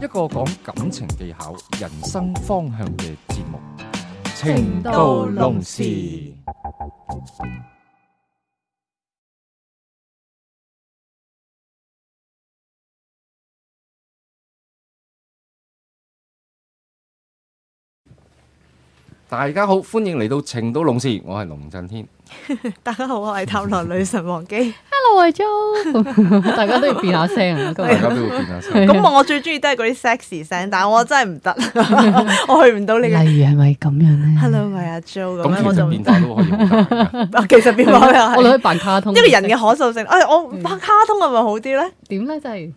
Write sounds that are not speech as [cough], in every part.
一個講感情技巧、人生方向嘅節目，《情到濃時》。大家好，歡迎嚟到情都龍舌，我係龍震天。 [laughs] 大家好，我係塔羅女神王姬。Hello，阿 Joe [laughs] 大家都要變下聲， [laughs] 大家都會變下聲。咁 [laughs] 我最中意都係嗰啲 sexy 聲，但我真係唔得， [laughs] 我去唔到你嘅。 [laughs] 例如係咪咁樣咧？Hello，阿阿 Joe 咁咧我就變下咯，可以其實變下我諗可以扮卡通，因為 [laughs] 人嘅可塑性。誒、哎，我扮卡通係咪好啲咧？點咧 [laughs] 就係、是。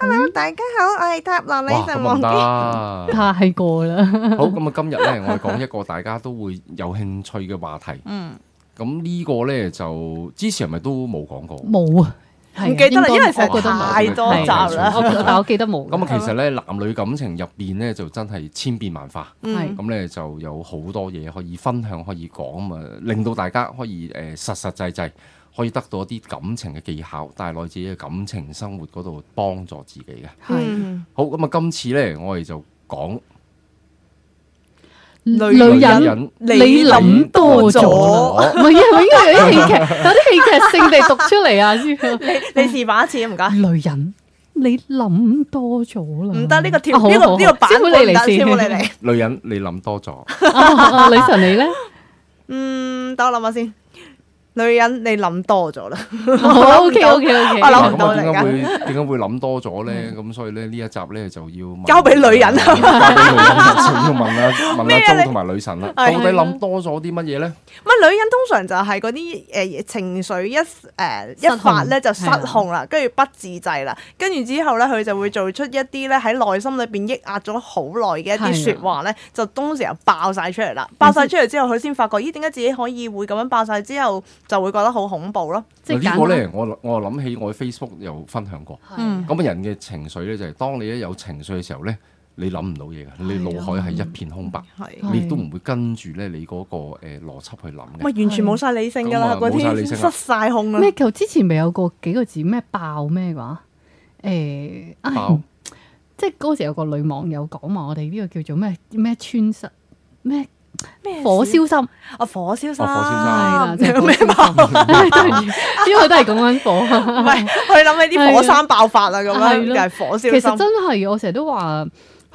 hello，大家好，我係塔羅女神王姬。太過啦，好咁啊！今日咧，我哋講一個大家都會有興趣嘅話題。嗯，咁呢個咧就之前係咪都冇講過？冇啊，唔記得啦，因為成日太多集啦，但我記得冇。咁啊，其實咧男女感情入邊咧就真係千變萬化，係咁咧就有好多嘢可以分享，可以講啊，令到大家可以誒實實際際。可以得到一啲感情嘅技巧，帶落自己嘅感情生活嗰度幫助自己嘅。係好咁啊！今次咧，我哋就講女人，你諗多咗，唔係，係咪應該有啲戲劇，有啲戲劇性地讀出嚟啊？你你示範一次唔該。女人，你諗多咗啦，唔得呢個跳呢個呢個版，唔得，跳唔得。女人，你諗多咗。女神，你咧？嗯，等我諗下先。女人，你諗多咗啦，O K O K O K，我諗唔到點解會點解會諗多咗咧？咁所以咧，呢一集咧就要交俾女人啦，要問阿問阿周同埋女神啦，到底諗多咗啲乜嘢咧？乜女人通常就係嗰啲誒情緒一誒一發咧就失控啦，跟住不自制啦，跟住之後咧佢就會做出一啲咧喺內心裏邊抑壓咗好耐嘅一啲說話咧，就當時就爆晒出嚟啦，爆晒出嚟之後佢先發覺，咦，點解自己可以會咁樣爆晒之後？就會覺得好恐怖咯！即係是呢個咧直，我我諗起我喺 Facebook 又分享過。咁是個人嘅情緒咧，就係、是、當你一有情緒嘅時候咧，你諗唔到嘢㗎，的你腦海係一片空白，的你都唔會跟住咧你嗰個誒邏輯去諗嘅。的完全冇晒理性㗎啦，嗰天失晒控啦。咩？之前咪有個幾個字咩爆咩話？誒、欸爆，即係嗰時有個女網友講話，我哋呢個叫做咩咩穿塞咩？咩？火燒心啊！火燒心，係啦、啊，即係咩心？因為都係講緊火，唔係佢諗起啲火山爆發啦，咁樣係火燒心。其實真係，我成日都話，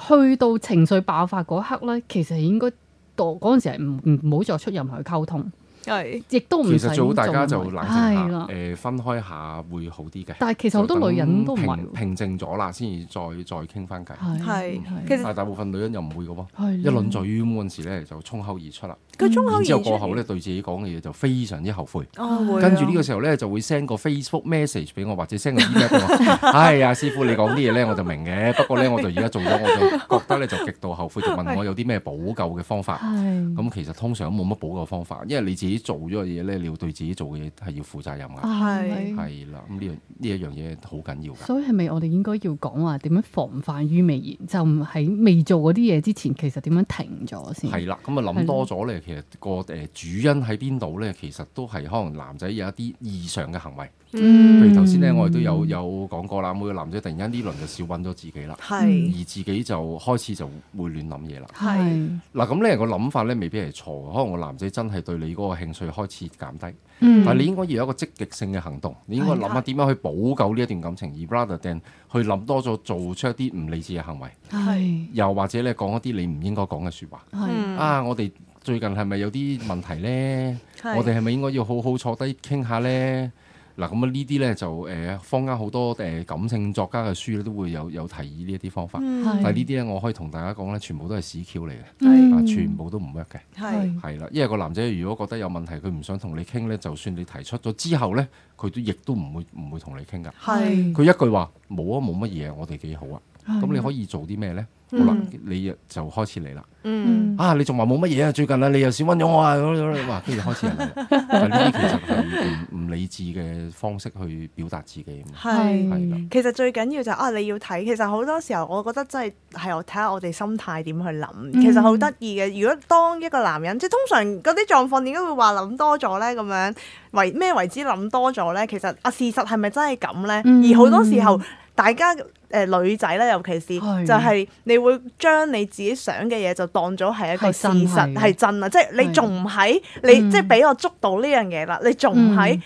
去到情緒爆發嗰刻咧，其實應該度嗰陣時係唔唔好再出任何溝通。係，亦都唔。其實最好大家就冷靜下，誒的、呃，分開下會好啲嘅。但係其實好多女人都平，平靜咗啦，先至再再傾翻偈。係係。嗯、的大部分女人又唔會㗎喎，的一輪嘴嗰陣時咧就衝口而出啦。個之，嗯、後過後咧，對自己講嘅嘢，就非常之後悔。哦、跟住呢個時候咧，就會 send 個 Facebook message 俾我，或者 send 個 email 俾我。係啊、 [laughs] 哎，師傅你講啲嘢咧，我就明嘅。不過咧，我就而家做咗，我就覺得咧就極度後悔，就問我有啲咩補救嘅方法。咁的、嗯，其實通常冇乜補救方法，因為你自己做咗嘅嘢咧，你要對自己做嘅嘢係要負責任噶。係係啦，咁呢樣呢一樣嘢好緊要。所以係咪我哋應該要講話點樣防範於未然？就唔喺未做嗰啲嘢之前，其實點樣停咗先？係啦，咁啊諗多咗咧。其實個誒主因喺邊度咧？其實都係可能男仔有一啲異常嘅行為。嗯，譬如頭先咧，我哋都有有講過啦，每個男仔突然間呢輪就少揾咗自己啦，係是而自己就開始就會亂諗嘢啦。係嗱是，咁呢個諗法咧未必係錯，可能個男仔真係對你嗰個興趣開始減低，但係你應該要有一個積極性嘅行動，你應該諗下點樣去補救呢一段感情，而 rather than 去諗多咗做出一啲唔理智嘅行為，係又是或者講你講一啲你唔應該講嘅說話，是啊，我哋。最近係咪有啲問題呢？是我哋係咪應該要好好坐低傾下談談呢？嗱，咁啊呢啲呢，就誒、呃、坊間好多誒、呃、感性作家嘅書咧都會有有提議呢一啲方法，嗯、但係呢啲呢，我可以同大家講咧，全部都係屎 Q 嚟嘅，嗯、全部都唔 work 嘅，係啦是是。因為個男仔如果覺得有問題，佢唔想同你傾呢，就算你提出咗之後呢，佢都亦都唔會唔會同你傾噶。佢是一句話冇啊，冇乜嘢，我哋幾好啊。咁你可以做啲咩咧？嗯、好啦，你就開始嚟啦。嗯，啊，你仲話冇乜嘢啊？最近啊，你又少溫咗我啊跟住，哦、開始係 [laughs] 其實係唔理智嘅方式去表達自己。係是，的其實最緊要就係啊，你要睇。其實好多時候，我覺得真係係我睇下我哋心態點去諗。嗯、其實好得意嘅。如果當一個男人，即係通常嗰啲狀況，點解會話諗多咗咧？咁樣為咩為之諗多咗咧？其實啊，事實係咪真係咁咧？而好多時候，大家誒女仔咧，尤其是就係你會將你自己想嘅嘢就當咗係一個事實係真啊，即係你仲唔喺你即係俾我捉到呢樣嘢啦？你仲唔喺？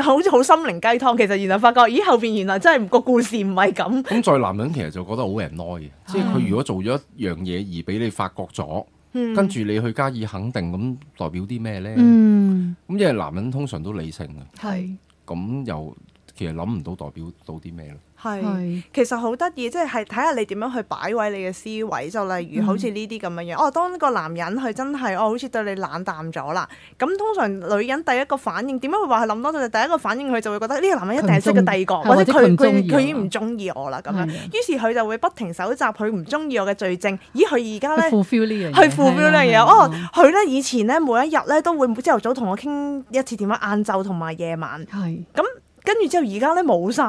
好似好心靈雞湯，其實原來發覺咦後邊原來真係個故事唔係咁咁。再男人其實就覺得好忍耐嘅，即係佢如果做咗一樣嘢而俾你發覺咗，跟住你去加以肯定咁，代表啲咩咧？咁因為男人通常都理性嘅，係咁又其實諗唔到代表到啲咩咯。係，是其實好得意，即係睇下你點樣去擺位你嘅思維。就例如好似呢啲咁嘅樣，哦，當個男人佢真係哦，好似對你冷淡咗啦。咁通常女人第一個反應點解會話佢諗多咗，就第一個反應佢就會覺得呢個男人一定係識嘅，第二個，或者佢佢佢已經唔中意我啦咁啊。於是佢的就會不停搜集佢唔中意我嘅罪證。咦，佢而家咧，去 feel 呢樣嘢，的哦，佢咧以前咧每一日咧都會朝頭早同我傾一次電話，晏晝同埋夜晚，係咁跟住之後而家咧冇晒。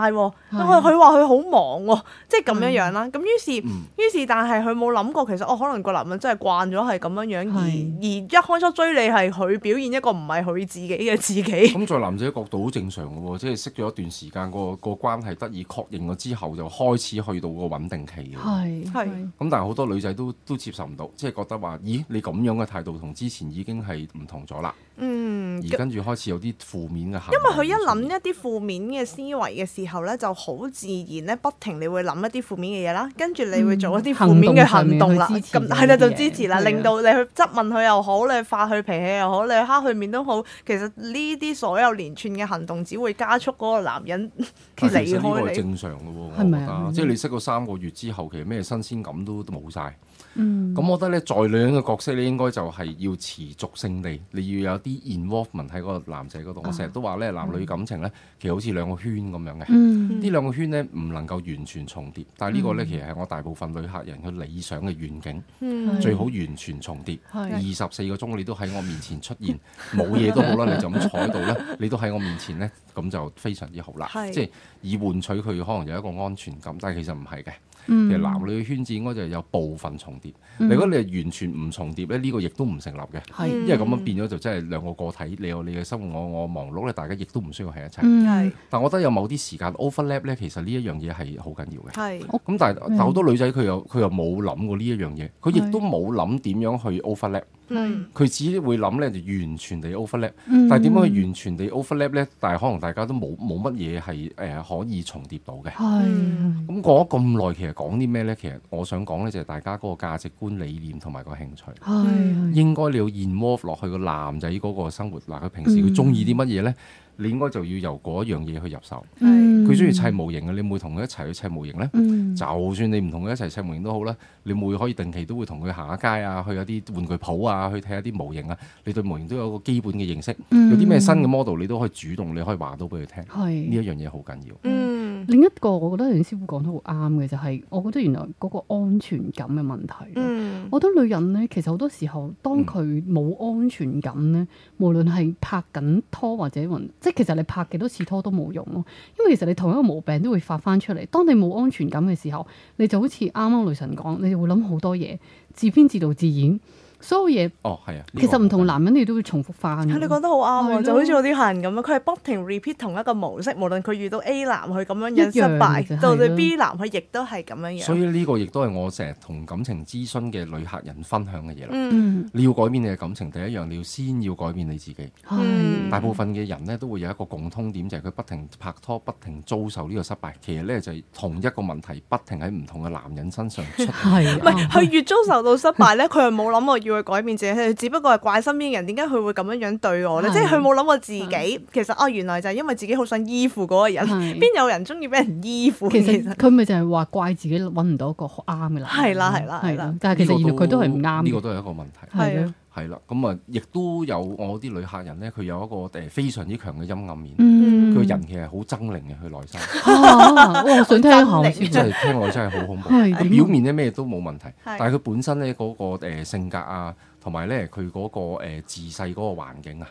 佢佢話佢好忙喎，即係咁樣樣啦。咁於是於是，嗯、於是但係佢冇諗過，其實我可能個男人真係慣咗係咁樣樣，erst 而而一開初追你係佢表現一個唔係佢自己嘅自己。咁 [laughs] 在男仔角度好正常喎，即、就、係、是、識咗一段時間個個關係得以確認咗之後，就開始去到個穩定期。係咁是但係好多女仔都都接受唔到，即係覺得話：咦，你咁樣嘅態度同之前已經係唔同咗啦。嗯、而跟住開始有啲負面嘅行為。因為佢一諗一啲負面嘅思維嘅時候呢。就好自然咧，不停你會諗一啲負面嘅嘢啦，跟住你會做一啲負面嘅行動啦，咁係啦就支持啦，的令到你去質問佢又好，你去發佢脾氣又好，你去黑佢面都好，其實呢啲所有連串嘅行動，只會加速嗰個男人離開你。呢個正常嘅喎，係咪啊？即係你識過三個月之後，其實咩新鮮感都都冇晒。嗯，咁我覺得咧，在女人嘅角色咧，應該就係要持續性地，你要有啲 involvement 喺嗰個男仔嗰度。我成日都話咧，男女感情咧，其實好似兩個圈咁樣嘅，呢兩個圈咧，唔能夠完全重疊。但係呢個咧，其實係我大部分女客人嘅理想嘅願景，最好完全重疊，二十四個鐘你都喺我面前出現，冇嘢都好啦，你就咁坐喺度啦，你都喺我面前咧，咁就非常之好啦，即係。以換取佢可能有一個安全感，但係其實唔係嘅。嗯、其實男女嘅圈子應該就有部分重疊。嗯、如果你係完全唔重疊咧，呢、呢個亦都唔成立嘅。的因為咁樣變咗就真係兩個個體，你有你嘅生活，我我忙碌咧，大家亦都唔需要喺一齊。嗯、但我覺得有某啲時間 overlap 咧，其實呢一樣嘢係好緊要嘅。咁的、嗯、但係但好多女仔佢又佢又冇諗過呢一樣嘢，佢亦都冇諗點樣去 overlap。佢自己會諗呢，就完全地 overlap。嗯、但係點解完全地 overlap 呢？但係可能大家都冇冇乜嘢係誒可以重疊到嘅。係是，咁過咗咁耐，其實講啲咩呢？其實我想講呢，就係、是、大家嗰個價值觀、理念同埋個興趣。係是，應該你要 involve 落去個男仔嗰個生活，嗱、呃、佢平時佢中意啲乜嘢呢？嗯你應該就要由嗰一樣嘢去入手，佢中意砌模型嘅，你會同佢一齊去砌模型呢？嗯、就算你唔同佢一齊砌模型都好啦，你會可以定期都會同佢行下街啊，去一啲玩具鋪啊，去睇下啲模型啊。你對模型都有個基本嘅認識，嗯、有啲咩新嘅 model 你都可以主動你可以話到俾佢聽，呢、嗯、一樣嘢好緊要。嗯另一個我覺得梁師傅講得好啱嘅就係、是，我覺得原來嗰個安全感嘅問題。嗯、我覺得女人咧，其實好多時候當佢冇安全感咧，嗯、無論係拍緊拖或者混，即其實你拍幾多次拖都冇用咯，因為其實你同一個毛病都會發翻出嚟。當你冇安全感嘅時候，你就好似啱啱女神講，你就會諗好多嘢，自編自導自演。所有嘢，哦，係啊，其實唔同男人你都會重複翻。你講得好啱啊，的就好似我啲客人咁樣，佢係不停 repeat 同一個模式，無論佢遇到 A 男，佢咁樣一失敗，就是、到對 B 男佢亦都係咁樣樣。所以呢個亦都係我成日同感情諮詢嘅女客人分享嘅嘢啦。嗯、你要改變你嘅感情，第一樣你要先要改變你自己。的的大部分嘅人呢，都會有一個共通點，就係、是、佢不停拍拖，不停遭受呢個失敗。其實呢，就係同一個問題，不停喺唔同嘅男人身上出。係佢的的越遭受到失敗呢，佢係冇諗我佢會改變自己，只不過係怪身邊嘅人，點解佢會咁樣樣對我咧？是即係佢冇諗過自己，是其實啊、哦，原來就係因為自己好想依附嗰個人，邊是有人中意俾人依附？其實佢咪就係話怪自己揾唔到一個好啱嘅人。係啦，係啦，係啦。但係其實佢都係唔啱。呢個都係一個問題。係咯的，係啦的。咁啊，亦都有我啲女客人咧，佢有一個誒非常之強嘅陰暗面。嗯個人其實好猙獰嘅，佢內心、 [laughs] 啊。我想聽下。即係聽落真係好恐怖。佢 [laughs] 表面咧咩都冇問題， [laughs] 但係佢本身咧嗰、嗰個、呃、性格啊。同埋咧，佢嗰個自細嗰個環境啊，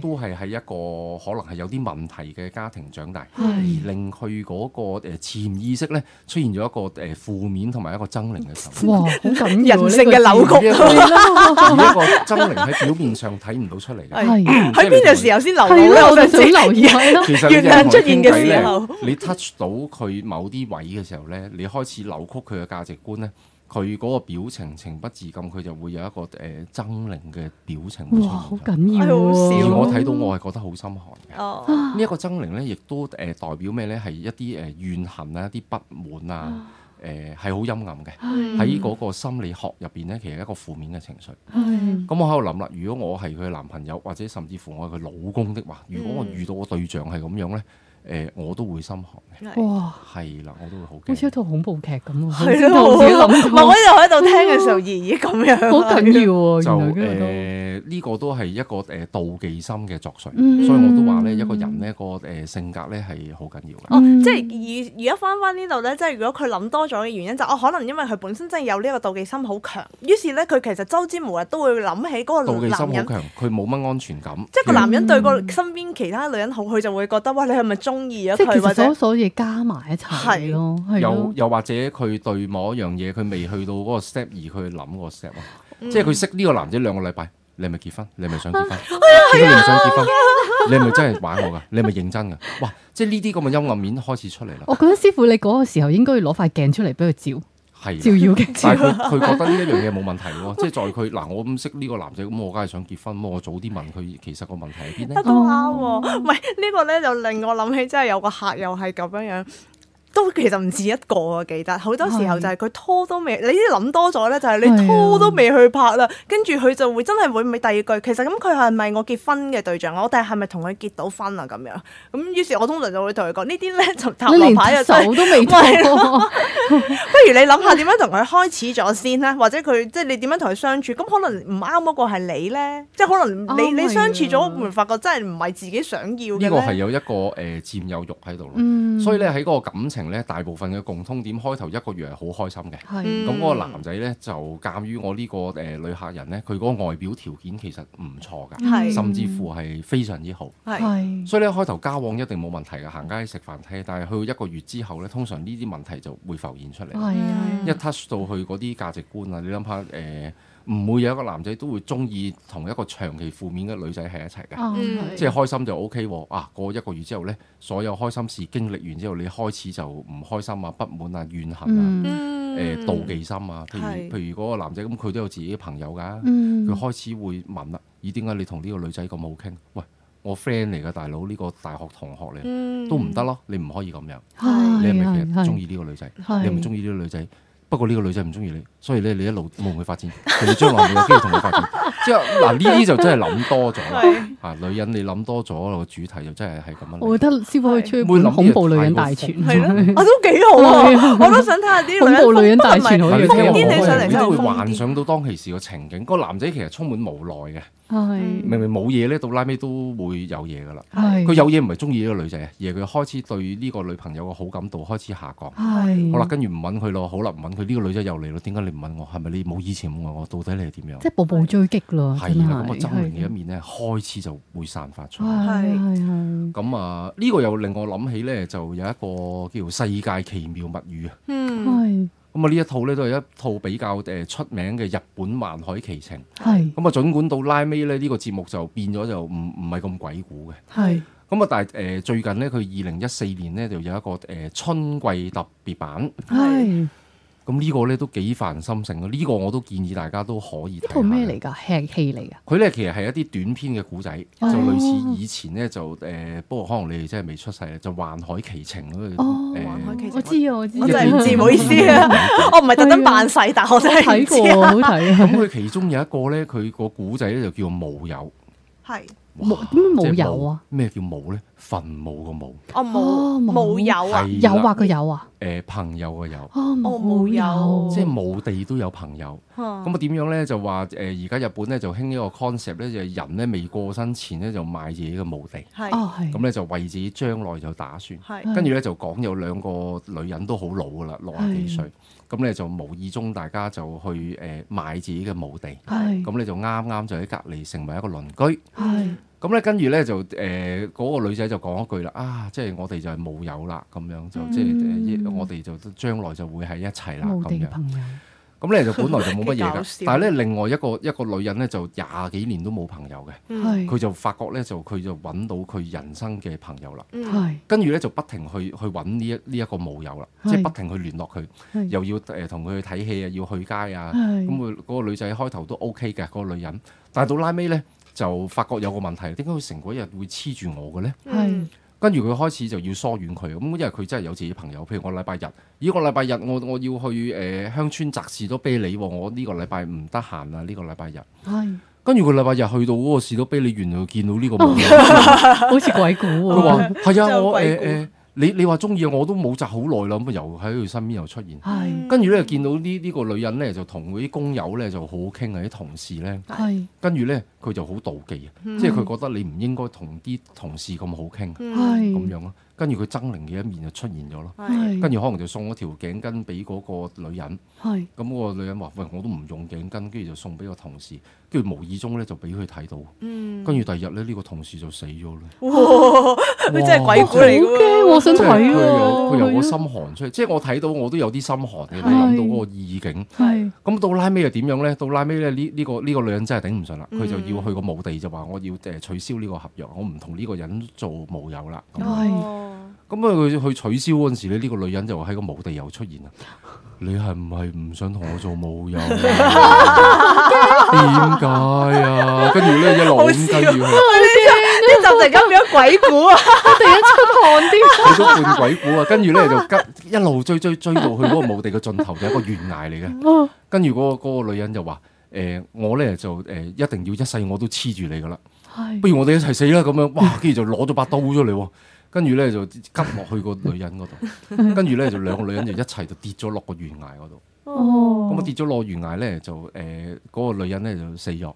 都係喺一個可能係有啲問題嘅家庭長大，而令佢嗰個誒潛意識咧出現咗一個誒負面同埋一個猙獰嘅時候。哇！好感人性嘅扭曲啊！一個猙獰喺表面上睇唔到出嚟，係喺邊個時候先留意？我我就想留意啦。其實出現嘅時候，你 touch 到佢某啲位嘅時候咧，你開始扭曲佢嘅價值觀咧。佢嗰個表情情不自禁，佢就會有一個誒猙獰嘅表情。哇，好緊要，而我睇到我係覺得好心寒嘅。呢一、哦、個猙獰呢，亦都誒、呃、代表咩呢？係一啲誒怨恨啊、一啲不滿啊，誒係好陰暗嘅。喺嗰是個心理學入邊呢，其實一個負面嘅情緒。係咁是，我喺度諗啦，如果我係佢男朋友，或者甚至乎我係佢老公的話，如果我遇到個對象係咁樣呢。嗯誒我都會心寒嘅，哇，係啦，我都會好驚，好似一套恐怖劇咁咯，喺度我喺度喺度聽嘅時候，咦咦咁樣，好緊要喎，原來呢個都係一個誒妒忌心嘅作祟，所以我都話咧，一個人呢個誒性格咧係好緊要嘅，即係而而家翻翻呢度咧，即係如果佢諗多咗嘅原因就，可能因為佢本身真係有呢個妒忌心好強，於是咧佢其實周知無日都會諗起嗰個妒忌心好強，佢冇乜安全感，即係個男人對個身邊其他女人好，佢就會覺得喂，你係咪？中意啊！即係其實所有所有嘢加埋一齊係咯，有又或者佢對某一樣嘢佢未去到嗰個 step，而佢諗個 step 咯，嗯、即係佢識呢個男仔兩個禮拜，你係咪結婚？你係咪想結婚？點解你唔想結婚？ [laughs] 你係咪真係玩我噶？你係咪認真噶？哇！即係呢啲咁嘅陰暗面開始出嚟啦！我覺得師傅你嗰個時候應該要攞塊鏡出嚟俾佢照。係，但係佢佢覺得呢一樣嘢冇問題喎， [laughs] 即係在佢嗱，我咁識呢個男仔咁，我梗係想結婚，咁我早啲問佢，其實個問題喺邊咧？都啱喎，唔係呢個咧就令我諗起，真係有個客又係咁樣樣。其實唔止一個啊，我記得好多時候就係佢拖都未，的你啲諗多咗咧，就係、是、你拖都未去拍啦，跟住佢就會真係會唔會第二句，其實咁佢係咪我結婚嘅對象？我哋係咪同佢結到婚啊？咁樣咁，於是我通常就會同佢講呢啲咧，牌就頭落排嘅手都未拖，不如你諗下點樣同佢開始咗先啦，或者佢即係你點樣同佢相處？咁可能唔啱嗰個係你咧，即係可能你、oh, 你相處咗會的發覺真係唔係自己想要嘅，呢個係有一個誒佔、呃、有欲喺度，嗯、所以咧喺嗰個感情。咧大部分嘅共通點，開頭一個月係好開心嘅。咁嗰的個男仔呢，就鑑於我呢、呢個誒、呃、女客人呢，佢嗰個外表條件其實唔錯㗎，的甚至乎係非常之好。的所以咧，開頭交往一定冇問題㗎，行街、食飯、睇。但係去到一個月之後呢，通常呢啲問題就會浮現出嚟。的一 touch 到佢嗰啲價值觀啊，你諗下誒？呃唔會有一個男仔都會中意同一個長期負面嘅女仔喺一齊嘅，嗯、即係開心就 O K 喎。啊，過一個月之後呢，所有開心事經歷完之後，你開始就唔開心啊、不滿啊、怨恨啊、嗯欸、妒忌心啊。譬如譬是如嗰個男仔咁，佢都有自己嘅朋友㗎，佢、嗯、開始會問啦：咦，點解你同呢個女仔咁好傾？喂，我 friend 嚟嘅大佬，呢個大學同學嚟，嗯、都唔得咯，你唔可以咁樣。嘿你係咪其實中意呢個女仔？你係咪中意呢個女仔？ [music] 不過呢個女仔唔中意你，所以咧你一路冇同佢發展，甚至將來冇機會同佢發展。即係嗱呢啲就真係諗多咗啦。嚇 [laughs] 是，女人你諗多咗個主題就真係係咁樣。我覺得師傅可以出恐怖女人大全，我、 [laughs] 啊、都幾好啊！我都想睇下啲恐怖女人大全可以點樣睇你，你上上都，都會幻想到當其時個情景，天個男仔其實充滿無奈嘅。明明冇嘢咧，到拉尾都會有嘢噶啦。佢有嘢唔係中意呢個女仔，而係佢開始對呢個女朋友嘅好感度開始下降。好啦，跟住唔揾佢咯，好啦，唔揾佢呢個女仔又嚟咯。點解你唔問我？係咪你冇以前咁愛我？到底你係點樣？即步步追擊咯。係啊，咁啊，陰暗嘅一面咧，開始就會散發出嚟。係係係。咁啊，呢個又令我諗起咧，就有一個叫做世界奇妙物語啊。嗯，咁啊，呢一套咧都係一套比較誒出名嘅日本幻海奇情。係是。咁啊、嗯，儘管到拉尾咧，呢個節目就變咗就唔唔係咁鬼故嘅。係是。咁啊、嗯，但係誒、呃、最近呢，佢二零一四年呢，就有一個誒、呃、春季特別版。係是。咁呢個咧都幾煩心性咯，呢個我都建議大家都可以睇下。咩嚟㗎？戲戲嚟㗎？佢咧其實係一啲短篇嘅古仔，就類似以前咧就誒，不過可能你哋真係未出世，就幻海奇情咯。哦，幻海奇情，我知啊，我知，我真係唔知，唔好意思啊，我唔係特登扮細，但我真係睇過，好睇啊。咁佢其中有一個咧，佢個古仔咧就叫做無友。係。冇點解冇有啊？咩叫冇咧？墳墓個冇哦，冇冇有啊？有話佢有啊？誒朋友個有哦，冇有即係墓地都有朋友。咁啊點樣咧？就話誒而家日本咧就興一個 concept 咧，就係人咧未過身前咧就買自己嘅墓地。哦，係咁咧就為自己將來就打算。跟住咧就講有兩個女人都好老㗎啦，六啊幾歲。咁咧就無意中大家就去誒買自己嘅墓地。咁咧就啱啱就喺隔離成為一個鄰居。係。咁咧，跟住咧就誒嗰、呃那個女仔就講一句啦，啊，即係我哋就係冇友啦，咁樣、嗯、就即係、呃、我哋就將來就會喺一齊啦咁樣。朋友。咁咧就本來就冇乜嘢嘅，但係咧另外一個一個女人咧就廿幾年都冇朋友嘅，佢、嗯、是就發覺咧就佢就搵到佢人生嘅朋友啦。嗯、是跟住咧就不停去去搵呢一呢一個冇友啦，嗯、是即係不停去聯絡佢，是又要誒同佢去睇戲啊，要去街啊。咁佢嗰個女仔開頭都 OK 嘅，嗰、那個女人，但係到拉尾咧。就發覺有個問題，點解佢成嗰日會黐住我嘅咧？係、嗯、跟住佢開始就要疏遠佢咁，因為佢真係有自己朋友。譬如我禮拜日，依個禮拜日我我要去誒、呃、鄉村摘士多啤梨喎，我呢個禮拜唔得閒啦，呢、這個禮拜日。係、嗯、跟住佢禮拜日去到嗰個士多啤梨園度見到呢個，好似鬼故喎、喔。佢話係啊說， [laughs] 我誒誒。你你話中意我都冇咋好耐啦，咁又喺佢身邊又出現，跟住咧見到呢呢個女人咧就同啲工友咧就好傾啊，啲同事咧，跟住咧佢就好妒忌啊，是即係佢覺得你唔應該同啲同事咁好傾，咁是樣咯。跟住佢猙獰嘅一面就出現咗咯，跟住可能就送咗條頸巾俾嗰個女人，咁個女人話：喂，我都唔用頸巾，跟住就送俾個同事，跟住無意中咧就俾佢睇到，跟住第二日咧呢個同事就死咗咧。哇！佢真係鬼故驚，我想睇啊！佢有個心寒出嚟，即係我睇到我都有啲心寒嘅，諗到嗰個意境。咁到拉尾又點樣咧？到拉尾咧呢呢個呢個女人真係頂唔順啦，佢就要去個墓地就話我要取消呢個合約，我唔同呢個人做墓友啦。咁啊！佢去取消嗰陣時咧，呢個女人就話喺個墓地又出現啦。你係唔係唔想同我做墓友啊？點解啊？跟住咧一路跟住，呢就突然間變咗鬼古啊！突然間出漢啲，變鬼古啊！跟住咧就一路追追追到去嗰個墓地嘅盡頭，就係一個懸崖嚟嘅。跟住嗰個女人就話：誒，我咧就誒一定要一世我都黐住你噶啦。不如我哋一齊死啦！咁樣哇，跟住就攞咗把刀出嚟。跟住咧就急落去個女人嗰度，跟住咧就兩個女人就一齊就跌咗落個懸崖嗰度。咁啊、哦嗯、跌咗落個懸崖咧就誒嗰、呃嗰個女人咧就死咗。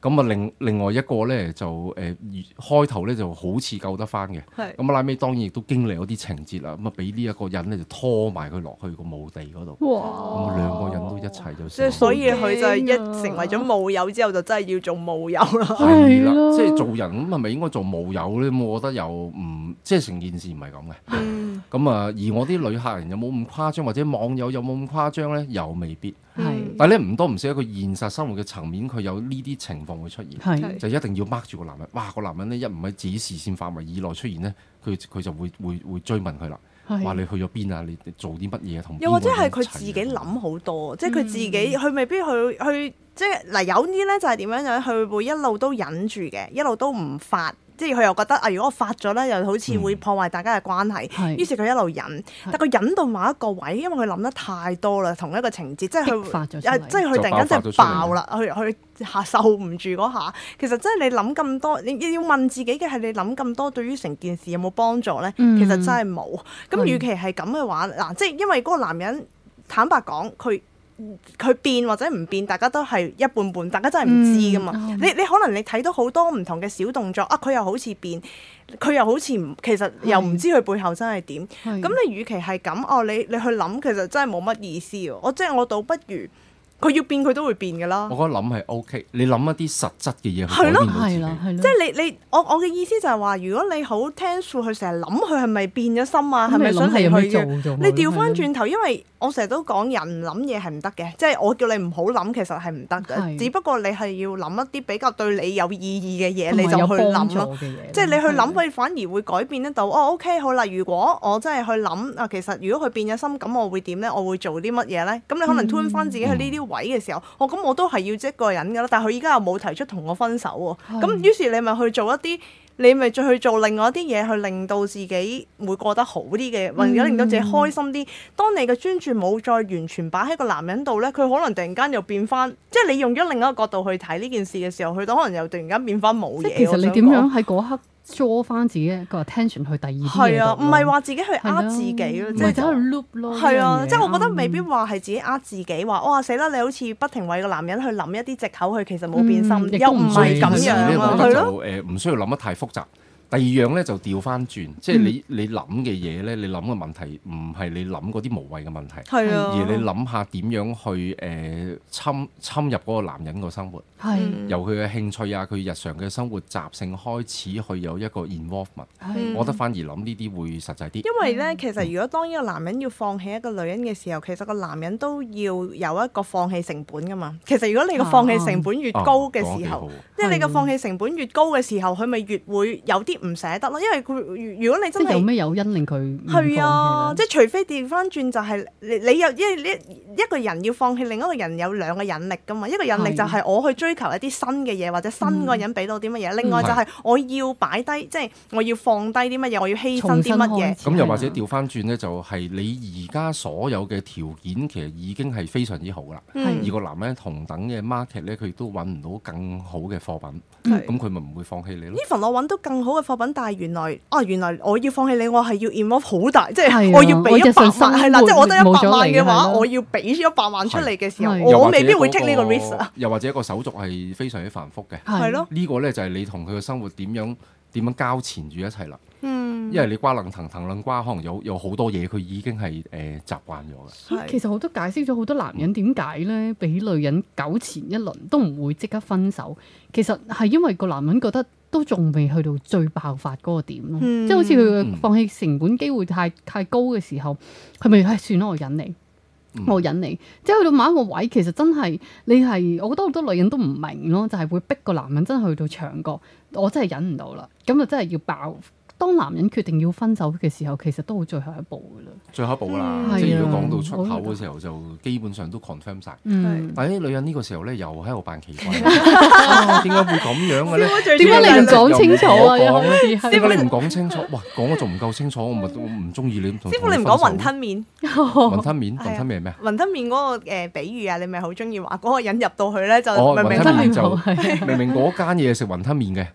咁啊，另是、嗯、另外一個咧就誒、呃、開頭咧就好似救得返嘅，咁啊是、嗯、拉尾當然亦都經歷咗啲情節啦。咁、嗯、啊，俾呢一個人咧就拖埋佢落去個墓地嗰度，咁哇、嗯、兩個人都一齊就死，即係哇所以佢就一成為咗墓友之後，就真係要做墓友啦。係啦、啊，即係、就是、做人咁係咪應該做墓友咧？我覺得又唔即係成件事唔係咁嘅。嗯咁啊，嗯、而我啲女客人有冇咁誇張，或者網友有冇咁誇張呢，又未必。是但係咧唔多唔少，一個現實生活嘅層面，佢有呢啲情況會出現，是是就一定要 mark 住個男人。哇，個男人呢，一唔喺自己視線範圍以內出現呢，佢佢就會會會追問佢啦。哇是，你去咗邊啊？你做啲乜嘢同又或者係佢自己諗好多，嗯、即係佢自己，佢未必去去，去，即係嗱有啲呢就係點樣樣，佢會，會一路都忍住嘅，一路都唔發。即係佢又覺得啊，如果我發咗咧，又好似會破壞大家嘅關係，嗯、於是佢一路忍，是但佢忍到某一個位，因為佢諗得太多啦，同一個情節，即係佢啊，即係佢突然間即係爆啦，佢佢下受唔住嗰下。其實真係你諗咁多，你要問自己嘅係你諗咁多對於成件事有冇幫助咧？嗯、其實真係冇。咁、嗯，與其係咁嘅話，嗱，即係因為嗰個男人坦白講，佢。佢變或者唔變，大家都係一半半，大家真係唔知㗎嘛。嗯嗯、你你可能你睇到好多唔同嘅小動作啊，佢又好似變，佢又好似唔，其實又唔知佢背後真係點。咁你與其係咁，哦、啊，你你去諗，其實真係冇乜意思喎。我即係我倒不如。佢要變佢都會變嘅啦。我覺得諗係 OK，你諗一啲實質嘅嘢去改變自己。係咯係啦係咯。即係你你我我嘅意思就係話，如果你好聽附佢成日諗佢係咪變咗心啊？係咪想離去嘅？你調翻轉頭，因為我成日都講人諗嘢係唔得嘅，即係我叫你唔好諗，其實係唔得嘅。係。只不過你係要諗一啲比較對你有意義嘅嘢，你就去諗咯。即係你去諗，你反而會改變得到。哦 OK 好啦，如果我真係去諗啊，其實如果佢變咗心，咁我會點咧？我會做啲乜嘢咧？咁你可能 turn 翻自己去呢啲。位嘅時候，哦、我咁我都係要一個人㗎啦。但係佢依家又冇提出同我分手喎。咁的於是你咪去做一啲，你咪再去做另外一啲嘢，去令到自己會過得好啲嘅，或者令到自己開心啲。嗯、當你嘅專注冇再完全擺喺個男人度咧，佢可能突然間又變翻，即係你用咗另一個角度去睇呢件事嘅時候，佢都可能又突然間變翻冇嘢。其實你點樣喺嗰刻？抓翻自己一個 attention 去第二嘢係啊，唔係話自己去呃自己咯，咪就係 loop 咯，係啊，即係、啊、我覺得未必話係自己呃自己，話哇死啦你好似不停為個男人去諗一啲藉口，佢其實冇變心，嗯、又唔係咁樣咯、啊，係咯，誒唔需要諗得，得太複雜。第二樣咧就調翻轉，即係你你諗嘅嘢咧，你諗嘅問題唔係你諗啲無謂嘅問題，的而你諗下點樣去誒、呃、侵侵入個男人個生活，係的由佢嘅興趣啊、佢日常嘅生活習性開始去有一個 involvement，的我覺得反而諗呢啲會實際啲。因為咧，其實如果當一個男人要放棄一個女人嘅時候，嗯、其實個男人都要有一個放棄成本噶嘛。其實如果你個放棄成本越高嘅時候，即係、啊啊、你個放棄成本越高嘅時候，佢咪、嗯、越會有啲。唔捨得咯，因為佢如果你真係有咩有因令佢係啊，即係除非調翻轉就係、是、你有一一一個人要放棄，另一個人有兩個引力噶嘛？一個引力就係我去追求一啲新嘅嘢，或者新個人俾到啲乜嘢，嗯、另外就係我要擺低，即係我要放低啲乜嘢，我要犧牲啲乜嘢。咁、嗯、又或者調翻轉咧，就係你而家所有嘅條件其實已經係非常之好啦。嗯、而個男人咧同等嘅 market 咧，佢都揾唔到更好嘅貨品，咁佢咪唔會放棄你咯？Even 我揾到更好嘅。貨品，但係原來啊，原來我要放棄你，我係要 invest 好大，即係我要俾一百萬，係啦，即係我得一百萬嘅話，我要俾一百萬出嚟嘅時候，我未必會 take 呢個 risk。又或者個手續係非常之繁複嘅，係咯。呢個呢，就係你同佢嘅生活點樣點樣交纏住一齊啦。嗯，因為你瓜棱藤藤，楞瓜可能有有好多嘢，佢已經係誒習慣咗嘅。其實好多解釋咗好多男人點解呢，俾女人糾纏一輪都唔會即刻分手，其實係因為個男人覺得。都仲未去到最爆發嗰個點咯，嗯、即係好似佢放棄成本機會太太高嘅時候，佢咪唉算啦，我忍你，我忍你，即係去到某一個位，其實真係你係，我覺得好多女人都唔明咯，就係、是、會逼個男人真係去到牆角。我真係忍唔到啦，咁就真係要爆。當男人決定要分手嘅時候，其實都會最後一步噶啦，最後一步啦，即係如果講到出口嘅時候，就基本上都 confirm 晒。但係啲女人呢個時候咧，又喺度扮奇怪，點解會咁樣嘅咧？點解你唔講清楚啊？點解你唔講清楚？哇，講我仲唔夠清楚？我唔中意你。師傅你唔講雲吞麵？雲吞麵，雲吞麵咩啊？雲吞麵嗰個誒比喻啊，你咪好中意話嗰個人入到去咧就明明吞麵就明明嗰間嘢食雲吞麵嘅。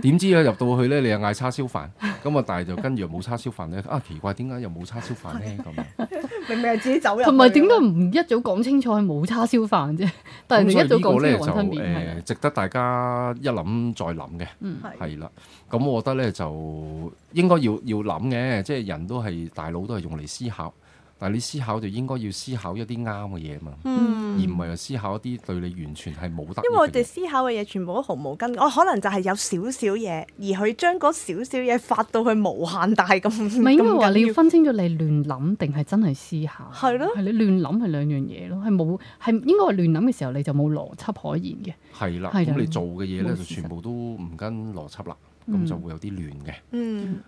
點 [laughs] 知一入到去咧，你又嗌叉燒飯，咁啊，但係就跟住又冇叉燒飯咧，啊奇怪，點解又冇叉燒飯咧？咁 [laughs] 明明係自己走入，同埋點解唔一早講清楚係冇叉燒飯啫？ [laughs] 但係你一早講清楚，值得大家一諗再諗嘅。嗯，係啦的，咁我覺得咧就應該要要諗嘅，即係人都係大腦都係用嚟思考。但係你思考就應該要思考一啲啱嘅嘢嘛，嗯、而唔係又思考一啲對你完全係冇得。因為我哋思考嘅嘢全部都毫無根，我、哦、可能就係有少少嘢，而佢將嗰少少嘢發到去無限大咁。唔係應該話你要分清楚你亂諗定係真係思考。係咯的，你亂諗係兩樣嘢咯，係冇係應該話亂諗嘅時候你就冇邏輯可言嘅。係啦的，咁的你做嘅嘢咧就全部都唔跟邏輯啦，咁、嗯、就會有啲亂嘅。嗯。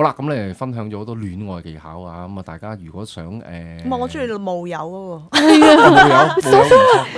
好啦，咁你哋分享咗好多戀愛技巧啊，咁啊大家如果想誒，咁、唔係、啊我中意冒友啊友，冒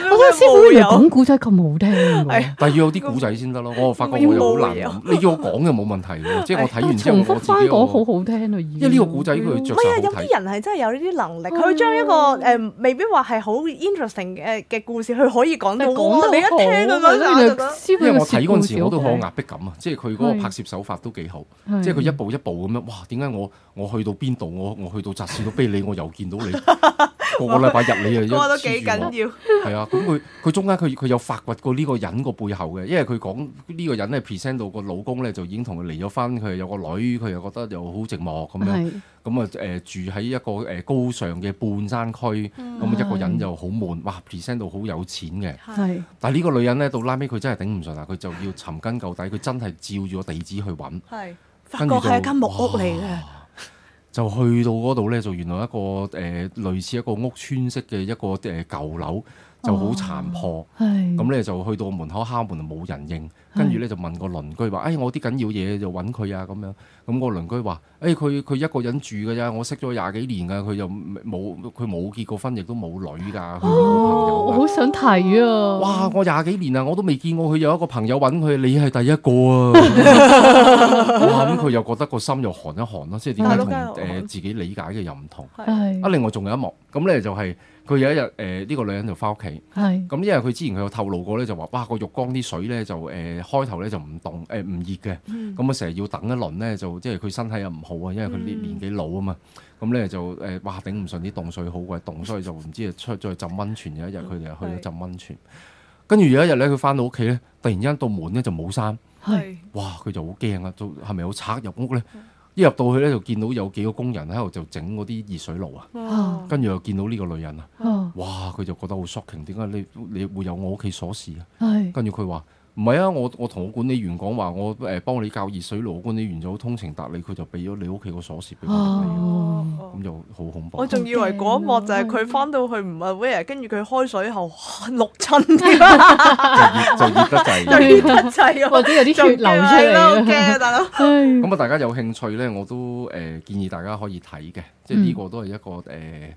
友。 [music] 師傅原來講古仔咁好聽， [laughs] 但要有啲古仔先得咯。我發覺我又好難你名要我講又冇問題， [laughs] 即係我睇完之後重複翻講好好聽咯。呢個古仔佢唔係啊，有啲人係真係有呢啲能力，佢將的一個誒、呃，未必話係好 interesting 嘅嘅故事，佢可以講到的講得好俾人聽啊！嗰啲，因為我睇嗰陣時我都好壓迫感啊，的即係佢嗰個拍攝手法都幾好，即係佢一步一步咁樣，哇！點解我我去到邊度，我我去到集市度俾你，我又見到你。 [laughs] 個個禮拜入你 [laughs] 啊，過都幾緊要。係啊，咁佢佢中間佢佢有發掘過呢個人個背後嘅，因為佢講呢個人咧 present 到個老公咧就已經同佢離咗婚，佢有個女，佢又覺得又好寂寞咁樣。咁啊誒住喺一個誒高尚嘅半山區，咁、嗯嗯、一個人又好悶。哇，present 到好有錢嘅。是但係呢個女人咧到拉尾佢真係頂唔順啦，佢就要尋根究底，佢真係照住個地址去揾，發覺係一間木屋嚟嘅。啊就去到嗰度咧，就原來一個誒、呃、類似一個屋邨式嘅一個誒舊樓就好殘破。咁咧、哦嗯、就去到門口敲門冇人應，跟住咧就問個鄰居話，哎，我啲緊要嘢就揾佢啊！咁樣，咁、嗯嗰個鄰居話。誒，佢佢一個人住㗎咋，我識咗廿幾年噶，佢就冇，佢冇結過婚，亦都冇女㗎，朋友哦，我好想睇啊！哇，我廿幾年啊，我都未見過佢有一個朋友揾佢，你係第一個啊！咁佢 [laughs] [laughs] 又覺得個心又寒一寒咯，即係點解同誒自己理解嘅又唔同？是啊，另外仲有一幕，咁、嗯、咧就係、是、佢有一日誒呢個女人就翻屋企，係咁因為佢之前佢有透露過咧，就話、是、哇個浴缸啲水咧、呃、就誒開頭咧就唔凍誒唔熱嘅，咁啊成日要等一輪咧，就即係佢身體又唔好。因為佢啲年紀老啊嘛，咁咧就誒，哇頂唔順啲凍水好鬼凍，所以就唔知出咗去浸溫泉。是 有一日佢哋去咗浸溫泉，跟住有一日咧，佢翻到屋企咧，突然之間道門咧就冇閂，係，是 哇，佢就好驚啊！都係咪好賊入屋咧？是 一入到去咧就見到有幾個工人喺度就整嗰啲熱水爐啊，哦、跟住又見到呢個女人啊，哇，佢就覺得好 shocking，點解你你，你會有我屋企鎖匙啊是？跟住佢話。唔係啊，我我同我管理員講話，我誒幫你教熱水爐，管理員就好通情達理，佢就俾咗你屋企個鎖匙俾我。哦。咁就好恐怖。我仲以為嗰一幕就係佢翻到去唔係 wear，跟住佢開水喉，六親添，就熱 [laughs] 得滯，或者有啲血流出嚟。好驚啊大佬！咁啊，大家有興趣咧，我都誒建議大家可以睇嘅，即係呢個都係一個誒。呃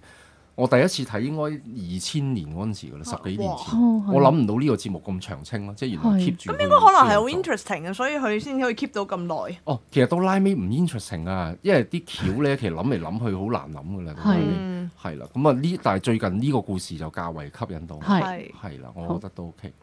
我第一次睇應該二千年嗰陣時嘅啦，十幾年前，哇我諗唔到呢個節目咁長青咯，即係原來 keep 住咁應該可能係好 interesting 嘅，作所以佢先可以 keep 到咁耐。哦，其實到拉尾唔 interesting 啊，因為啲橋咧其實諗嚟諗去好難諗㗎啦。係係啦，咁啊呢，但係最近呢個故事就較為吸引到。係係啦，我覺得都 OK。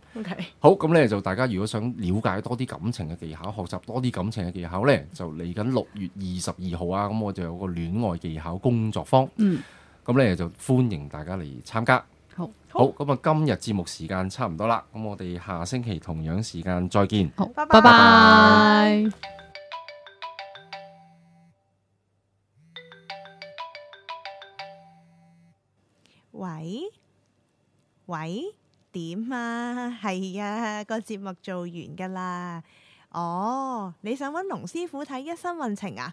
好咁咧、okay，就大家如果想了解多啲感情嘅技巧，學習多啲感情嘅技巧咧，就嚟緊六月二十二號啊，咁我就有個戀愛技巧工作坊。嗯。咁咧就歡迎大家嚟參加。好，好，咁啊今日節目時間差唔多啦，咁我哋下星期同樣時間再見。好，拜拜。喂喂，點啊？係啊，個節目做完噶啦。哦，你想揾龍師傅睇一生運程啊？